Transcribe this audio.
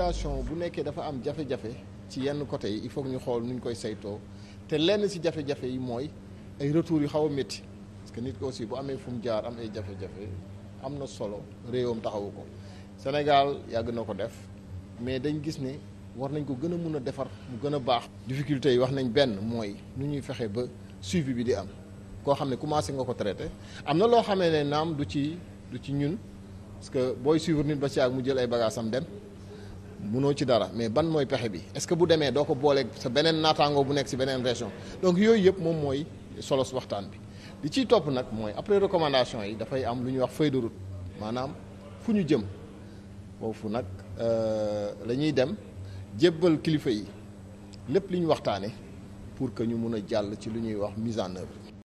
situation bu nekkee dafa am jafe-jafe ci yenn côté yi il faut ñu xool ñu koy saytoo te lenn si jafe-jafe yi mooy ay retours yu xaw a métti parce que nit ko aussi bu amee fu jaar am ay jafe am na solo réewam taxawu ko Sénégal yàgg na ko def mais dañ gis ne war nañ ko gën a mun a defar mu gën a baax. difficulté yi wax nañ benn mooy nu ñuy fexe ba suivi bi di am koo xam ne commencé nga ko traité am na loo xamee ne naam du ci du ci ñun parce que booy suivre nit ba ci ak mu jël ay bagages am dem. munoo ci dara mais ban mooy pexe bi est-ce que bu demee doo ko booleeg sa beneen naataangoo bu nekk si beneen région donc yooyu yëpp moom mooy solos waxtaan bi li ciy topp nag mooy après recommandation yi dafay am lu ñuy wax feuille de route maanaam fu ñu jëm foofu nag euh, la ñuy dem jébbal kilifa yi lépp li ñu waxtaane pour que ñu mun a jàll ci lu ñuy wax mise en œuvre